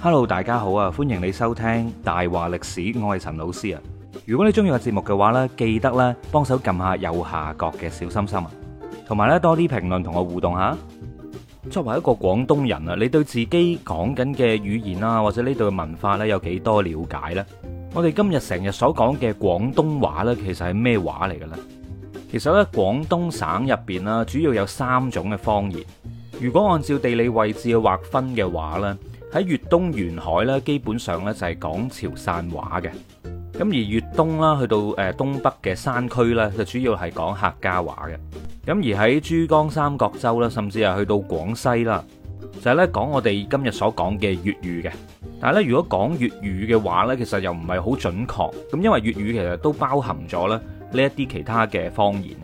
Hello，大家好啊！歡迎你收聽大話歷史，我係陳老師啊。如果你中意個節目嘅話呢，記得咧幫手撳下右下角嘅小心心啊，同埋呢多啲評論同我互動下。作為一個廣東人啊，你對自己講緊嘅語言啊，或者呢度嘅文化呢，有幾多了解呢？我哋今日成日所講嘅廣東話呢，其實係咩話嚟嘅咧？其實呢，廣東省入邊啦，主要有三種嘅方言。如果按照地理位置去劃分嘅話呢。喺粵東沿海咧，基本上咧就係講潮汕話嘅。咁而粵東啦，去到誒東北嘅山區咧，就主要係講客家話嘅。咁而喺珠江三角洲啦，甚至係去到廣西啦，就係咧講我哋今日所講嘅粵語嘅。但係咧，如果講粵語嘅話咧，其實又唔係好準確咁，因為粵語其實都包含咗咧呢一啲其他嘅方言。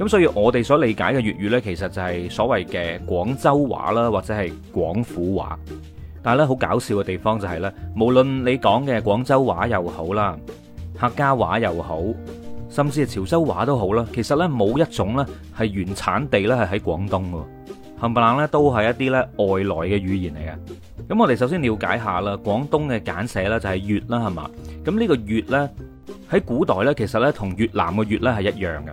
咁所以我哋所理解嘅粵語咧，其實就係所謂嘅廣州話啦，或者係廣府話。但係咧，好搞笑嘅地方就係咧，無論你講嘅廣州話又好啦，客家話又好，甚至係潮州話都好啦，其實呢冇一種呢係原產地呢係喺廣東嘅，冚唪唥呢都係一啲呢外來嘅語言嚟嘅。咁我哋首先了解一下啦，廣東嘅簡寫呢就係粵啦，係嘛？咁呢個粵呢喺古代呢，其實呢同越南嘅粵呢係一樣嘅。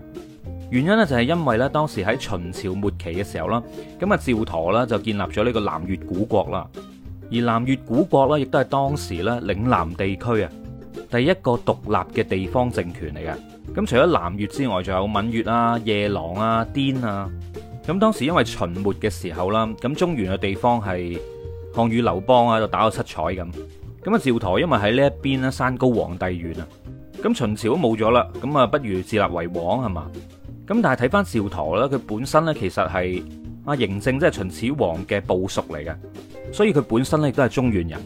原因呢，就係因為呢當時喺秦朝末期嘅時候啦，咁啊趙佗呢，就建立咗呢個南越古國啦。而南越古國咧，亦都係當時咧嶺南地區啊第一個獨立嘅地方政權嚟嘅。咁除咗南越之外，仲有閩越啊、夜郎啊、滇啊。咁當時因為秦末嘅時候啦，咁中原嘅地方係項羽、劉邦啊，就打到七彩咁。咁啊趙佗因為喺呢一邊啦，山高皇帝遠啊。咁秦朝都冇咗啦，咁啊不如自立為王係嘛。咁但係睇翻趙佗咧，佢本身咧其實係阿嬴政即係秦始皇嘅部屬嚟嘅。所以佢本身咧亦都係中原人，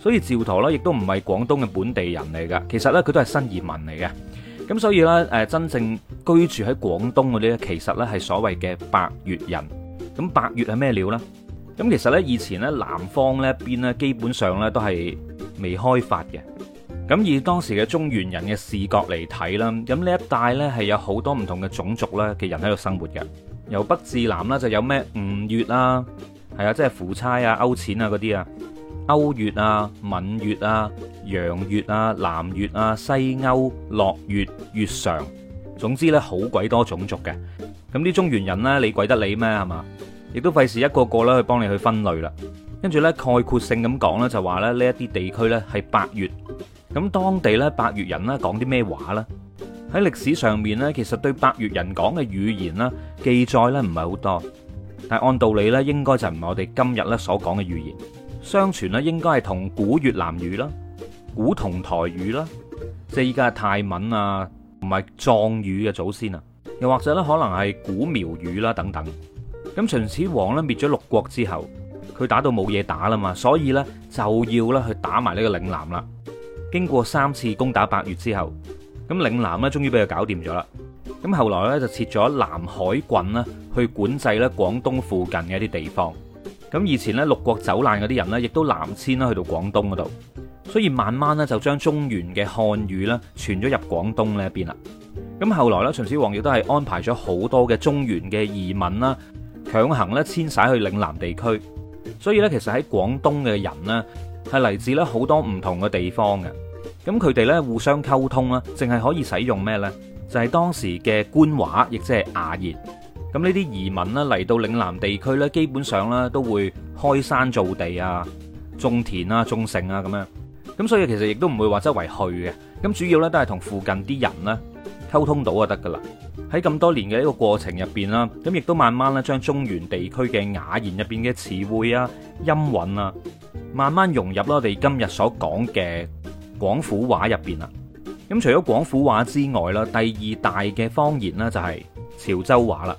所以趙佗咧亦都唔係廣東嘅本地人嚟噶，其實咧佢都係新移民嚟嘅。咁所以咧，誒真正居住喺廣東嗰啲咧，其實咧係所謂嘅百越人。咁百越係咩料呢？咁其實呢，以前咧南方呢邊咧基本上咧都係未開發嘅。咁以當時嘅中原人嘅視角嚟睇啦，咁呢一帶咧係有好多唔同嘅種族咧嘅人喺度生活嘅。由北至南啦，就有咩吳越啦。係啊，即係夫差啊、勾踐啊嗰啲啊，甌越啊、閩越啊、揚越啊、南越啊、西甌、駱越、越裳，總之呢，好鬼多種族嘅。咁啲中原人呢，你鬼得你咩？係嘛，亦都費事一個個咧去幫你去分類啦。跟住呢，概括性咁講呢，就話咧呢一啲地區呢係百越。咁當地呢，百越人呢講啲咩話呢？喺歷史上面呢，其實對百越人講嘅語言呢，記載呢唔係好多。但係按道理咧，應該就唔係我哋今日咧所講嘅語言。相傳咧應該係同古越南語啦、古侗台語啦，即係依家泰文啊，同埋壯語嘅祖先啊，又或者咧可能係古苗語啦等等。咁秦始皇咧滅咗六國之後，佢打到冇嘢打啦嘛，所以咧就要咧去打埋呢個嶺南啦。經過三次攻打百越之後，咁嶺南咧終於俾佢搞掂咗啦。咁後來咧就設咗南海郡啦，去管制咧廣東附近嘅一啲地方。咁以前咧六國走難嗰啲人咧，亦都南遷啦去到廣東嗰度，所以慢慢咧就將中原嘅漢語咧傳咗入廣東呢一邊啦。咁後來咧秦始皇亦都係安排咗好多嘅中原嘅移民啦，強行咧遷徙去嶺南地區。所以咧其實喺廣東嘅人咧係嚟自咧好多唔同嘅地方嘅。咁佢哋咧互相溝通啦，淨係可以使用咩咧？就係當時嘅官話，亦即係雅言。咁呢啲移民咧嚟到嶺南地區咧，基本上咧都會開山造地啊、種田啊、種城啊咁樣。咁所以其實亦都唔會話周圍去嘅。咁主要咧都係同附近啲人咧溝通到就得噶啦。喺咁多年嘅一個過程入邊啦，咁亦都慢慢咧將中原地區嘅雅言入邊嘅詞彙啊、音韻啊，慢慢融入我哋今日所講嘅廣府話入邊啦。咁除咗廣府話之外啦，第二大嘅方言呢就係潮州話啦。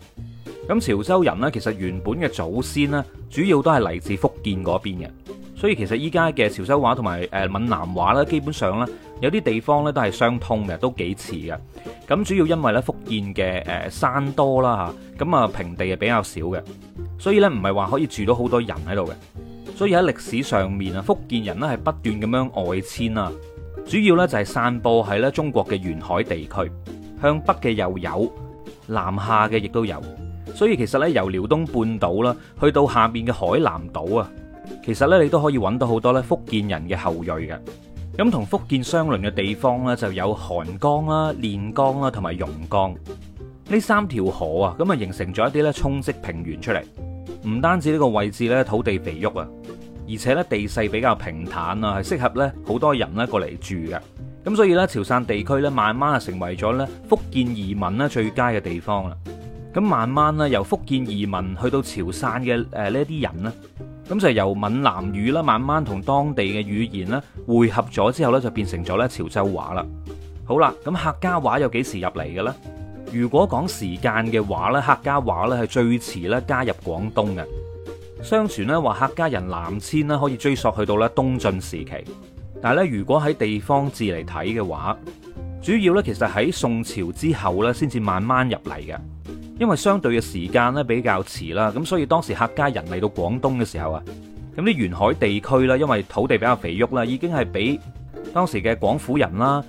咁潮州人呢，其實原本嘅祖先呢主要都係嚟自福建嗰邊嘅。所以其實依家嘅潮州話同埋誒閩南話呢，基本上呢有啲地方呢都係相通嘅，都幾似嘅。咁主要因為呢福建嘅誒山多啦嚇，咁啊平地係比較少嘅，所以呢唔係話可以住到好多人喺度嘅。所以喺歷史上面啊，福建人呢係不斷咁樣外遷啊。主要咧就係散佈喺咧中國嘅沿海地區，向北嘅又有，南下嘅亦都有。所以其實咧由遼東半島啦，去到下面嘅海南島啊，其實咧你都可以揾到好多咧福建人嘅後裔嘅。咁同福建相鄰嘅地方咧就有韓江啊、練江啊同埋榕江呢三條河啊，咁啊形成咗一啲咧沖積平原出嚟。唔單止呢個位置咧土地肥沃啊！而且咧地勢比較平坦啊，係適合咧好多人咧過嚟住嘅。咁所以咧潮汕地區咧慢慢啊成為咗咧福建移民咧最佳嘅地方啦。咁慢慢咧由福建移民去到潮汕嘅誒呢啲人咧，咁就是、由閩南語啦慢慢同當地嘅語言咧匯合咗之後咧就變成咗咧潮州話啦。好啦，咁客家話有幾時入嚟嘅咧？如果講時間嘅話咧，客家話咧係最遲咧加入廣東嘅。相傳咧話客家人南遷啦，可以追溯去到咧東晉時期。但係咧，如果喺地方志嚟睇嘅話，主要咧其實喺宋朝之後咧先至慢慢入嚟嘅，因為相對嘅時間咧比較遲啦。咁所以當時客家人嚟到廣東嘅時候啊，咁啲沿海地區啦，因為土地比較肥沃啦，已經係俾當時嘅廣府人啦，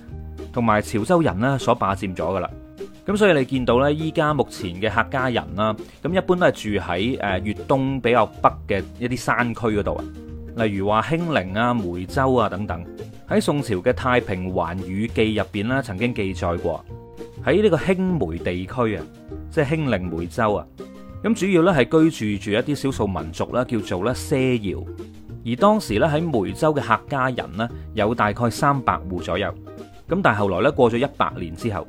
同埋潮州人咧所霸佔咗噶啦。咁所以你見到呢，依家目前嘅客家人啦，咁一般都係住喺誒粵東比較北嘅一啲山區嗰度，例如話興寧啊、梅州啊等等。喺宋朝嘅《太平寰宇記》入面呢，曾經記載過喺呢個興梅地區啊，即係興寧梅州啊，咁主要呢係居住住一啲少數民族啦，叫做咧畲瑤。而當時呢，喺梅州嘅客家人呢，有大概三百戶左右。咁但係後來呢，過咗一百年之後。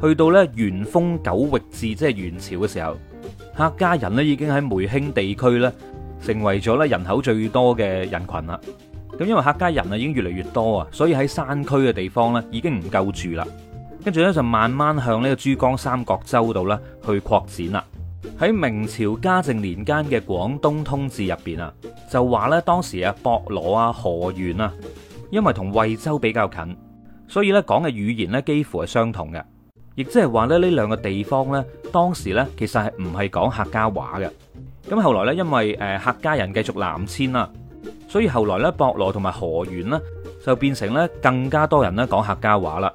去到咧元豐九域志，即係元朝嘅時候，客家人咧已經喺梅興地區咧，成為咗咧人口最多嘅人群啦。咁因為客家人啊已經越嚟越多啊，所以喺山區嘅地方咧已經唔夠住啦。跟住咧就慢慢向呢個珠江三角洲度咧去擴展啦。喺明朝嘉靖年間嘅廣東通志入邊啊，就話咧當時啊博羅啊河源，啊，因為同惠州比較近，所以咧講嘅語言咧幾乎係相同嘅。亦即係話咧，呢兩個地方呢，當時呢，其實係唔係講客家話嘅。咁後來呢，因為誒客家人繼續南遷啦，所以後來呢，博羅同埋河源呢，就變成呢更加多人呢講客家話啦。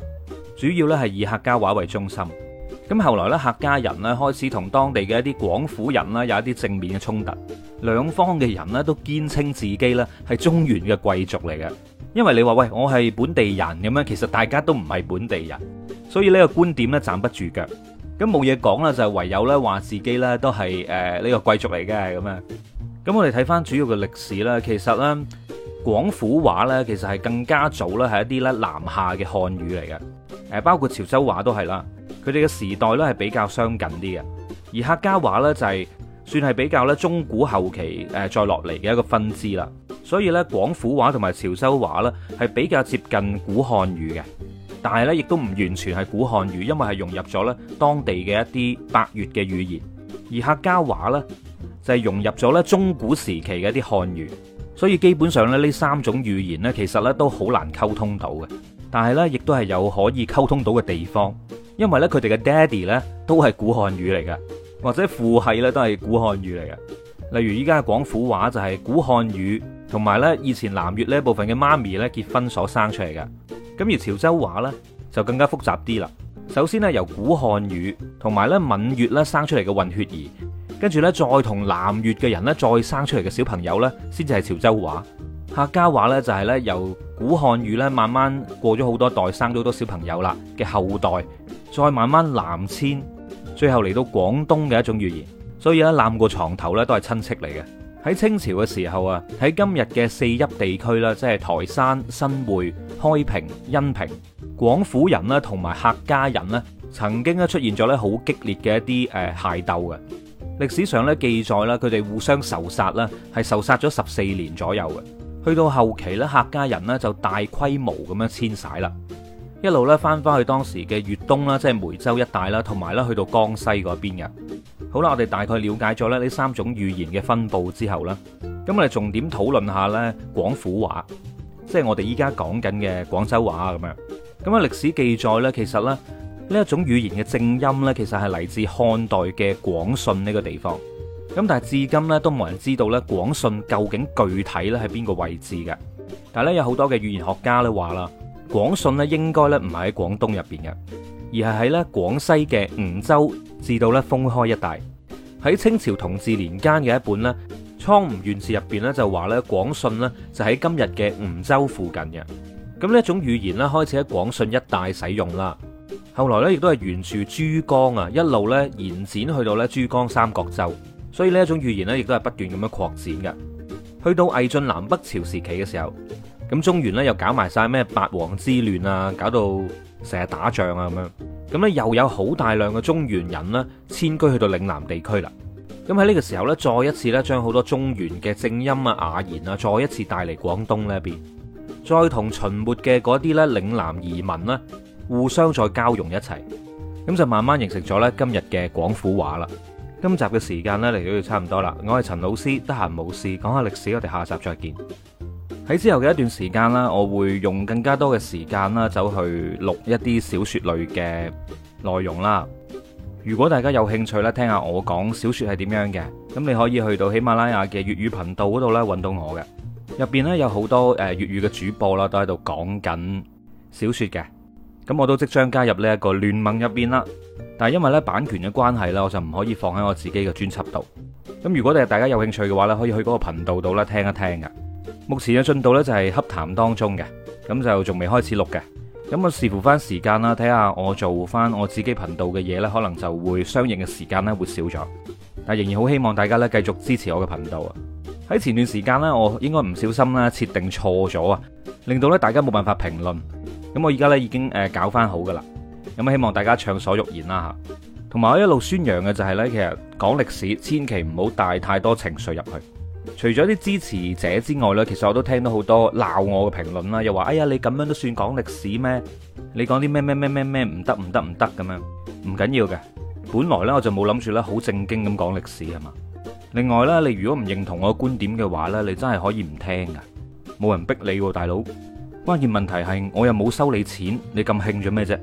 主要呢係以客家話為中心。咁後來呢，客家人呢開始同當地嘅一啲廣府人呢有一啲正面嘅衝突。兩方嘅人呢都堅稱自己呢係中原嘅貴族嚟嘅，因為你話喂我係本地人咁樣，其實大家都唔係本地人。所以呢個觀點咧站不住腳，咁冇嘢講啦，就係唯有咧話自己咧都係誒呢個貴族嚟嘅咁樣。咁我哋睇返主要嘅歷史啦，其實咧廣府話咧其實係更加早啦，係一啲咧南下嘅漢語嚟嘅。誒包括潮州話都係啦，佢哋嘅時代咧係比較相近啲嘅。而客家話咧就係算係比較咧中古後期誒再落嚟嘅一個分支啦。所以咧廣府話同埋潮州話咧係比較接近古漢語嘅。但係咧，亦都唔完全係古漢語，因為係融入咗咧當地嘅一啲百越嘅語言。而客家話呢，就係融入咗咧中古時期嘅一啲漢語，所以基本上咧呢三種語言呢，其實呢都好難溝通到嘅。但係呢，亦都係有可以溝通到嘅地方，因為呢，佢哋嘅 daddy 呢都係古漢語嚟嘅，或者父系呢都係古漢語嚟嘅。例如依家嘅廣府話就係古漢語，同埋呢，以前南越呢部分嘅媽咪呢，結婚所生出嚟嘅。咁而潮州話呢，就更加複雜啲啦。首先呢，由古漢語同埋咧閩越咧生出嚟嘅混血兒，跟住呢再同南越嘅人呢再生出嚟嘅小朋友呢，先至係潮州話。客家話呢，就係呢由古漢語呢慢慢過咗好多代，生咗好多小朋友啦嘅後代，再慢慢南遷，最後嚟到廣東嘅一種語言。所以呢，攬過床頭呢，都係親戚嚟嘅。喺清朝嘅時候啊，喺今日嘅四邑地區啦，即係台山、新會、開平、恩平，廣府人啦同埋客家人咧，曾經咧出現咗咧好激烈嘅一啲誒械鬥嘅。歷史上咧記載啦，佢哋互相仇殺啦，係仇殺咗十四年左右嘅。去到後期咧，客家人呢就大規模咁樣遷徙啦，一路咧翻翻去當時嘅粵東啦，即係梅州一帶啦，同埋咧去到江西嗰邊嘅。好啦，我哋大概了解咗咧呢三種語言嘅分佈之後啦，咁我哋重點討論下咧廣府話，即係我哋依家講緊嘅廣州話啊咁樣。咁歷史記載呢，其實咧呢一種語言嘅正音呢，其實係嚟自漢代嘅廣信呢個地方。咁但係至今呢，都冇人知道呢廣信究竟具體咧喺邊個位置嘅。但係咧有好多嘅語言學家呢話啦，廣信呢應該咧唔係喺廣東入邊嘅。而係喺咧廣西嘅梧州至到咧封開一帶，喺清朝同治年間嘅一本咧《蒼梧縣志》入邊咧就話咧廣信咧就喺今日嘅梧州附近嘅，咁呢一種語言咧開始喺廣信一帶使用啦。後來咧亦都係沿住珠江啊一路咧延展去到咧珠江三角洲，所以呢一種語言咧亦都係不斷咁樣擴展嘅。去到魏晉南北朝時期嘅時候。咁中原咧又搞埋晒咩八王之亂啊，搞到成日打仗啊咁樣，咁咧又有好大量嘅中原人呢遷居去到嶺南地區啦。咁喺呢個時候呢，再一次呢將好多中原嘅正音啊、雅言啊，再一次帶嚟廣東呢邊，再同秦末嘅嗰啲呢嶺南移民呢互相再交融一齊，咁就慢慢形成咗呢今日嘅廣府話啦。今集嘅時間呢嚟到就差唔多啦，我係陳老師，得閒冇事講下歷史，我哋下集再見。喺之後嘅一段時間啦，我會用更加多嘅時間啦，走去錄一啲小說類嘅內容啦。如果大家有興趣咧，聽下我講小說係點樣嘅，咁你可以去到喜馬拉雅嘅粵語頻道嗰度咧，搵到我嘅。入邊呢有好多誒粵語嘅主播啦，都喺度講緊小說嘅。咁我都即將加入呢一個聯盟入邊啦，但係因為呢版權嘅關係啦，我就唔可以放喺我自己嘅專輯度。咁如果你係大家有興趣嘅話呢，可以去嗰個頻道度咧聽一聽嘅。目前嘅進度咧就係洽談當中嘅，咁就仲未開始錄嘅，咁我視乎翻時間啦，睇下我做翻我自己頻道嘅嘢呢，可能就會相應嘅時間呢會少咗，但仍然好希望大家呢，繼續支持我嘅頻道啊！喺前段時間呢，我應該唔小心咧設定錯咗啊，令到呢大家冇辦法評論，咁我而家呢，已經誒搞翻好噶啦，咁希望大家暢所欲言啦吓，同埋我一路宣揚嘅就係呢，其實講歷史千祈唔好帶太多情緒入去。除咗啲支持者之外呢，其實我都聽到好多鬧我嘅評論啦，又話哎呀你咁樣都算講歷史咩？你講啲咩咩咩咩咩唔得唔得唔得咁樣？唔緊要嘅，本來呢，我就冇諗住呢好正經咁講歷史係嘛。另外呢，你如果唔認同我嘅觀點嘅話呢，你真係可以唔聽噶，冇人逼你，大佬。關鍵問題係我又冇收你錢，你咁興做咩啫？